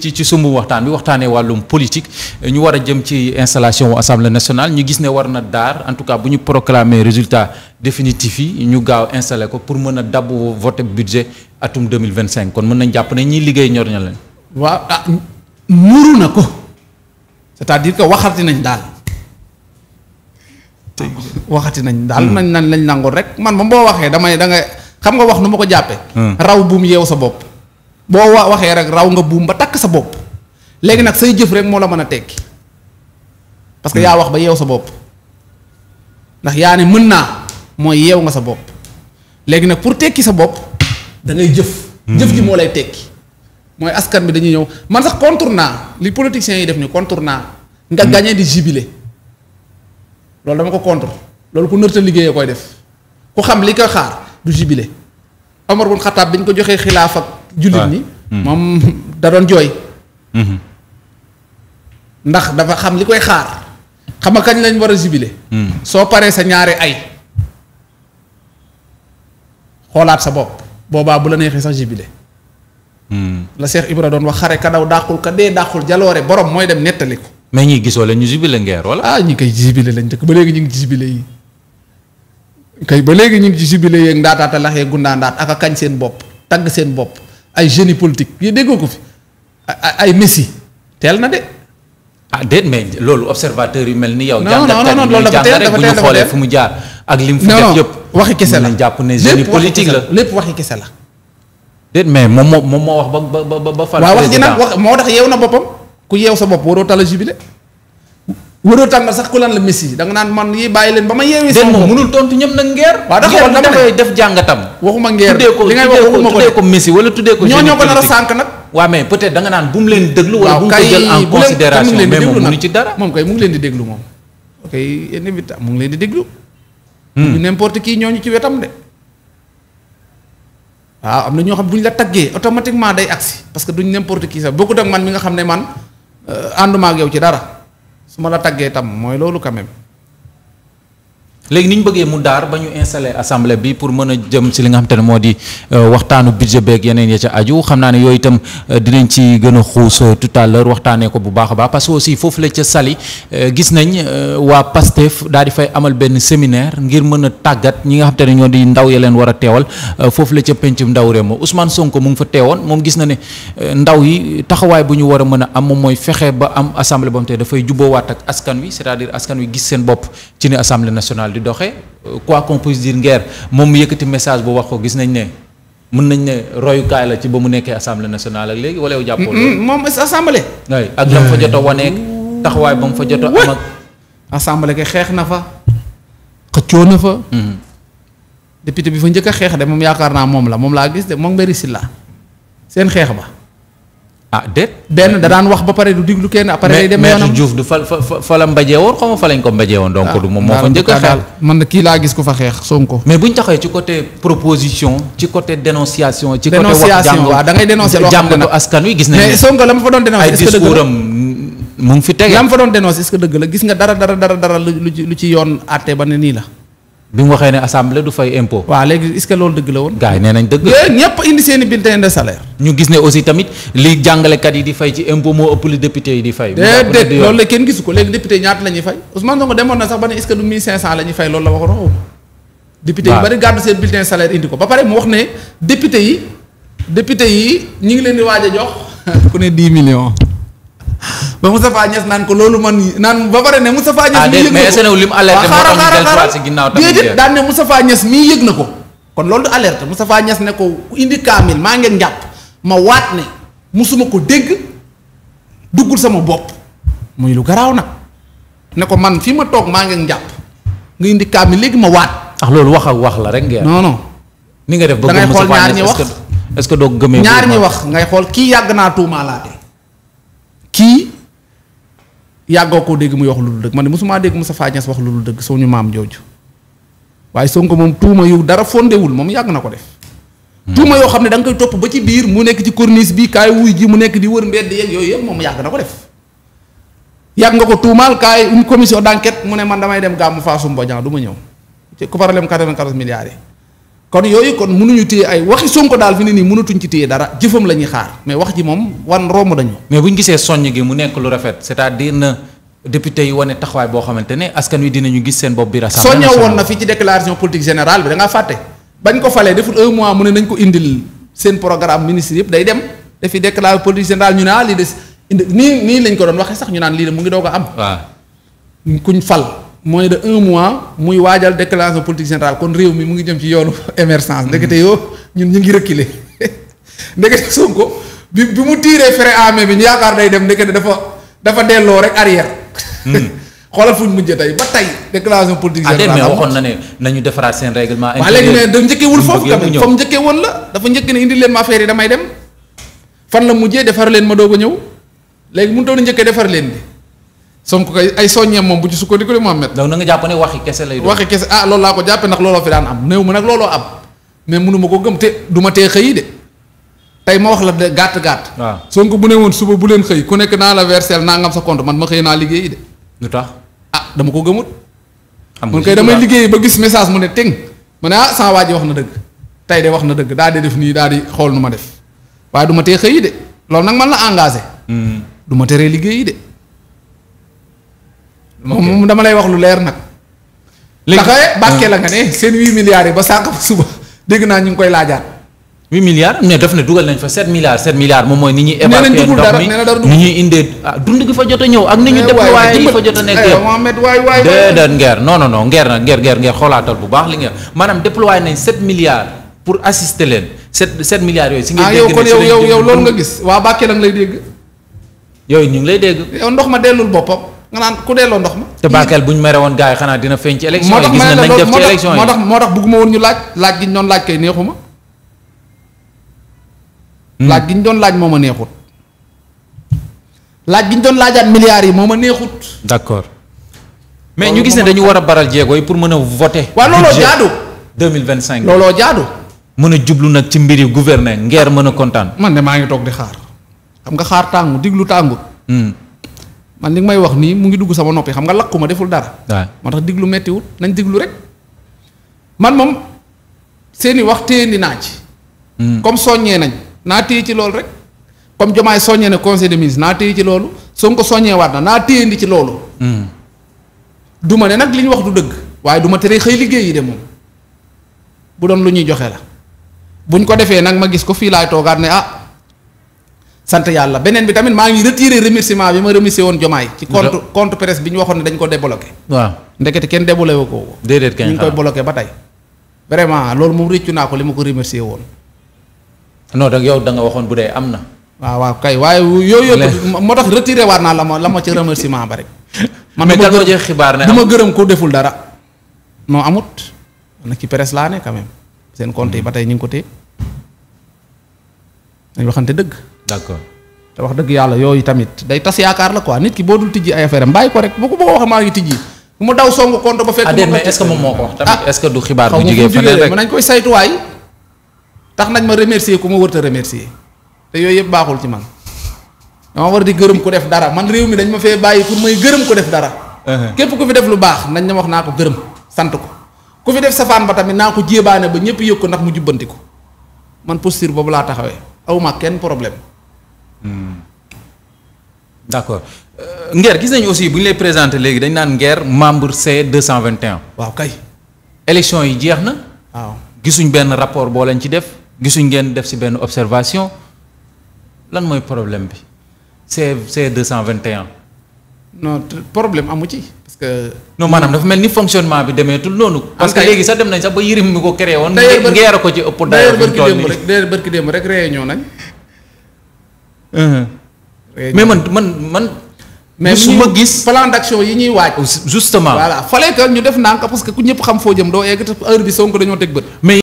ci ci sumb waxtaan bi waxtaanee wàllum politique ñu war a jëm ci installation wu assemblée nationale ñu gis ne war na daar en tout cas bu ñu proclamer résultat définitif yi ñu gaaw installé ko pour mën a dabb voté budget atum 2025 kon mën nañ jàpp ne ñiy liggéey ñor ña leen waaw ah muuru na ko c'est-à-dire waxati nañ daal waxati nañ daal hmm. nañ nañ lañ nangoon rek man moom boo waxee damay da xam nga wax nu ma ko jàppe hmm. raw buum yeew sa bopp boo wa waxee rek raw nga buum ba takk sa bopp léegi nag say jëf rek moo la mën a tekki parce que yaa wax ba yeew sa bopp ndax yaa ne mën naa mooy yeew nga sa bopp léegi nag pour tekki sa bopp da ngay jëf. Hmm. jëf ji moo lay tekki mooy askan bi dañuy ñëw man sax contre naa li politiciens yi def ni contre naa nga hmm. gagné di jubilé loolu dama ko contre loolu ku nërta liggéeyee koy def ku xam li ko xaar du jubilé Omar bun Xataab bi ñu ko joxee xilaaf jullit ñi hmm. moom da doon jooy hmm. ndax dafa xam li koy xaar xam nga kañ lañ war a jubilé hmm. soo paree sa ñaari ay xoolaat sa bopp boobaa bu la neexee sax jubilé la Cheikh Ibra doon wax xare ka daw dàqul ka dee dàqul jaloore borom mooy dem nettali ko mais ñuy gisoo la ñu jubilé ngeer wala. ah ñi koy jubilé lañ dëkk ba léegi ñu ngi ci jubilé yi kay ba léegi ñu ngi ci jubilé yeeg ndaataata lax yeeg gundaa ndaat ak a kañ seen bopp tagg seen bopp ay génie politique yi déggoo ko fi ay messi teel na de. ah déet mais loolu observateur yu mel ni yow. jàngatkat yi ñuy jàngare bu ñu xoolee fu mu jaar ak lim. fu def yëpp waxi kese la jàpp ne génie politique la lépp waxi kese la. déet mais moom moo moom moo wax ba ba ba ba. fal président waaw wax ji nag wax moo tax yeew na boppam ku yeew sa bopp waroo tala jubile wëroo tàngal sax ku lan la Messi da nga naan man yi bàyyi leen ba ma yeewee. seen bopp munul tontu ñëpp nag ngeer. waaw d'accord dama koy def a sànq leen déglu. wala bu mu ko jël en ngi leen di déglu moom. ok inévitable mu ngi hmm. ci wetam de. am na ñoo xam bu ñu la taggee automatiquement day agsi parce que duñ n'importe qui sax bokkut ak man mi nga xam ne man euh, ànduma ak yow ci dara su ma la taggee tam mooy loolu quand même léegi ni ñu bëggee mu daar ba ñu installé assemblée bi pour mën a jëm si li nga xam ne moo di euh, waxtaanu budget beeg yeneen ya ca aju xam naa ne yooyu itam euh, dinañ ci gën a xuus euh, tout waxtaanee ko bu baax a baax parce que aussi foofu la ca sali gis nañ waa PASTEF daa di fay amal benn séminaire ngir mën a tàggat ñi nga xam te ne ñoo di ndaw ya leen war a teewal foofu la ca pencum ndaw réew ma Ousmane Sonko mu ngi fa teewoon moom gis na ne ndaw yi taxawaay bu ñu war a mën a am moom mooy fexe ba am assemblée ba dafay juboowaat ak askan wi cest askan wi gis seen ci ne assemblée nationale di doxee euh, quoi qu'on puisse moom mu yëkkati message bu wax ko gis nañ ne mën nañ ne royukaay la ci ba mu nekkee assemblée nationale ak léegi wala yow jàppoo loolu. Mm, moom assemblée. ak dam fa joto a taxawaay ba mu fa jot a am ak. assemblée ke xeex na fa xëccoo na fa. Mm-hmm. député bi fa njëkk a xeex de moom yaakaar naa moom la moom laa gis de moom Mbéri Sylla seen xeex ba. ah déet. benn da daan wax ba pare du diglu kenn a day dem yoonam Diouf du fa fa fa la mbajee woon xaw ma fa lañ ko mbajee woon. donc ah, du moom moo fa njëkk a xeex man na kii laa gis ko fa xeex Sonko. mais bu ñu taxee ci côté proposition ci côté dénonciation. ci côté wax jàng waaw da ngay dénoncer loo xam ne askan wi gis nañ mais Sonko la ma fa doon dénoncer ay discours am mu ngi fa doon dénoncer est-ce que dëgg la gis nga dara dara dara dara lu ci lu ci yoon àtte ba ne nii la. bi mu waxee ne assemblée du fay impôt. waaw léegi est-ce dëgg la woon. gars yi nee nañ dëgg. ñëpp indi seen i de salaire. ñu gis ne aussi tamit li jàngalekat yi di fay ci impôt moo ëpp li député yi di fay. déedéet la kenn gisu ko léegi député yi ñaata la ñuy fay Ousmane Sonko demoon na sax ba ne est la ñuy fay loolu yi bari gàddu seen bulletin salaire indi ko ba pare mu wax ne député yi député yi ñu ngi leen di waaj a jox ku ne 10 millions. ba Moustapha Niass naan ko loolu man naan ba pare ne Moustapha Niass. Ah, mii yëg na ko ah déedéet mais est-ce na ko kon loolu du alerte Moustapha Niass ne ko indi kaamil maa ngeen njàpp ma waat ne musuma ko dégg duggul sama bopp muy lu garaaw nag ne ko man fi ma toog maa ngeen njàpp nga indi kaamil léegi ma waat. ah loolu wax ak wax la rek ngeen. non ni nga def ba da ngay xool ñaar ñi wax est-ce que doo gëmee ñaar ñi wax ngay xool kii yàgg naa tuumaalaate kii yàggoo koo dégg muy wax lu dul dëgg man de mosumaa dégg Moustapha Niass wax lu dul dëgg suñu maam jooju waaye Sonko moom tuuma yu dara fondewul moom yàgg na ko def. Hmm. tuuma yoo xam ne da nga koy topp ba ci biir mu nekk ci corniche bi kaay wuy ji mu nekk di wër mbedd yeeg yooyu yëpp moom yàgg na ko def. yàgg nga ko tuumaal kaay une commission d' enquête mu ne man damay dem gàmmu Fassou Mbodian du ma ñëw ci ku problème 94 milliards yi. kon yooyu kon munuñu téye ay waxi Sonko daal fi ne nii mënatuñ ci téye dara jëfam la ñuy xaar mais wax ji moom wan romb nañu. mais bu ñu gisee soññ gi mu nekk lu rafet c'est-à-dire na député yi wane taxawaay boo xamante ne askan wi dinañu gis seen bopp bi. rassemblée nationale soññoo woon na fi ci déclaration politique générale bi da ngaa fàtte bañ ko falee defut un mois mu ne nañ ko indil seen programme ministre yëpp day dem dafi déclaration politique générale ñu naan ah, lii des indi nii lañ ko doon waxee sax ñu naan lii de mu ngi doog a am. waaw fal. moins de un mois muy waajal déclaration politique générale kon réew mi mu ngi jëm ci yoonu émergence ndekete yoo ñun ñu ngi reculer ndekete ko bi bi mu tiiree fere amee bi ñu yaakaar day dem ndekete dafa dafa delloo rek arrière. Hmm. xoolal fu ñu mujjee tey ba tey déclaration politique ah, générale mais waxoon na ne nañu defaraat seen règlement. intérieur léegi ne da njëkkeewul foofu tamit comme njëkkee woon la dafa njëkk ne indi leen ma affaire yi damay dem fan la mujjee defar leen ma doog a ñëw léegi mënut a njëkkee defar leen Sonko kay ay soññeem moom bu ci sukkandiku di Mohamed. donc na nga jàpp ne waxi kese lay doon. waxi kese ah loolu laa ko jàppee ndax looloo mais mënu ma ko gëm te du ma tee xëy de tey ma wax la de gàtt gàtt. waaw ah. Sonko bu ne woon suba bu leen xëy ku nekk naa la versel nangam sa compte man ma xëy naa liggéeyi lu tax ah dama ko gëmut. xam nga kay damay liggéey ba gis message mu ne teng ma ne ah ji wax na dëgg tey de wax na dëgg daa di def nii daa di xool nu ma def waaye du ma tee xëy de loolu nag man la engagé. Hmm. du ma teree liggéeyi de moom dama lay wax lu leer nag. léegi ndax eh, ah. bàkkee la nga ne seen huit milliards yi ba sànq ba suba dégg naa ñu ngi koy laajaat. huit milliards mais daf ne dugal nañ fa sept milliards sept milliards moom mooy ni ñuy. évacuer ndox mi ni ñuy indee ah dund gi fa jot a ñëw ak ni ñu eh, déployé yi fa jot a nekk eh, yëpp déedéet ngeer non non non ngeer na ngeer ngeer ngeer xoolaatal bu baax li nga maanaam déployé nañ sept milliards pour assister leen sept sept milliards yooyu. si ngeen ah, dégg ne yow yow yow loolu nga gis waa Bakel a ngi lay dégg. yooyu ñu ngi lay dégg. yow ndox ma dellul boppam nga naan ku delloo ndox ma. te Bakel bu ñu mere woon gars yi xanaa dina feeñ ci élection yi. gis nañ nañ def ci élection yi moo tax moo tax bëgguma woon ñu laaj laaj gi ñu doon laaj kay neexuma. Hmm. doon laaj moo ma laaj gi ñu doon laajaat milliards yi moo ma neexut. d'accord mais ñu gis ne dañu war a baral jéego yi pour mën a voter. waaw looloo jaadu 2025 looloo jaadu. mën a jublu nag ci mbir yi gouverner ngeer mën a kontaan. man ne maa ngi toog di xaar xam nga xaar tàngu diglu tàngu. Hmm. man li nga may wax nii mu ngi dugg sama noppi xam nga lakkuma deful dara. moo tax diglu méttiwut nañ diglu rek man moom seeni wax téyendi naa ci. Hmm. comme soññee nañ naa téye ci loolu rek comme jomaay soññee na conseil des ministres naa téye ci loolu Sonko soññee waat na naa téyendi ci loolu. Hmm. du ma ne nag li ñu wax du dëgg waaye du ma tere xëy liggéey yi de moom bu doon lu ñuy joxe la buñ ko defee nag ma gis ko fii laay toogaat ne ah. sant yàlla beneen bi tamit maa ngi retiré remerciement bi ma remercié woon Jomaay. ci compte compte presse bi ñu waxoon ne dañ ko kenn débloqué wu ko. déedéet kañ ba tey. vraiment loolu moom réccu naa ko li ma ko remercié woon. non donc yow da waxoon bu dee am na. waaw kay waaye yooyu yëpp moo tax retiré waat naa la ma la ma ci remerciement ba rek. man mais kan xibaar ne du ma gërëm ko deful dara. non amut. na ci presse laa ne quand seen compte yi ba tey ñu ngi ko téye. dañ waxante dëgg. d'accord te wax dëgg yàlla yooyu tamit day tas yaakaar la quoi nit ki boo dul tijji ay affaire am bàyyi ko rek bu ko bëgg a wax maa ngi tijji mu daw songu compte ba fekk. Ah, moom moo ah, nañ koy saytuwaay tax nañ ma remercier ku ma wërta remercier te yooyu yëpp baaxul ci man dama war di gërëm ku def dara man réew mi dañ ma fee bàyyi pour may gërëm ko def dara. Uh-huh. képp ku fi def lu baax nañ ne wax naa ko gërëm sant ko ku fi def safaan ba tamit naa ko jéebaane ba ñëpp yëg ndax mu jubbanti ko man posture boobu laa taxawee awma kenn problème Hmm. d' accord euh, Nguer gis nañu aussi bu ñu lay présenté léegi dañ naan Nguer membre C221. waaw kay. élection yi jeex na. waaw gisuñ benn rapport boo leen ci def gisuñ ngeen def si benn observation lan mooy problème bi C C221. non problème amu ci. parce que. non maanaam dafa mel ni fonctionnement bi demeetul noonu. parce que léegi sax dem nañ sax ba yirim mi ko créé woon. Nguer a ko ci ëpp. d'ailleurs barki démb rek d'ailleurs barki nañ. Uh-huh. mais man man man. mais su ma gis plan d'action yi ñuy waaj. justement voilà fallait que ñu def ndànk parce ku ñëpp xam foo jëm doo egg te heure bi Sonko dañoo teg bët.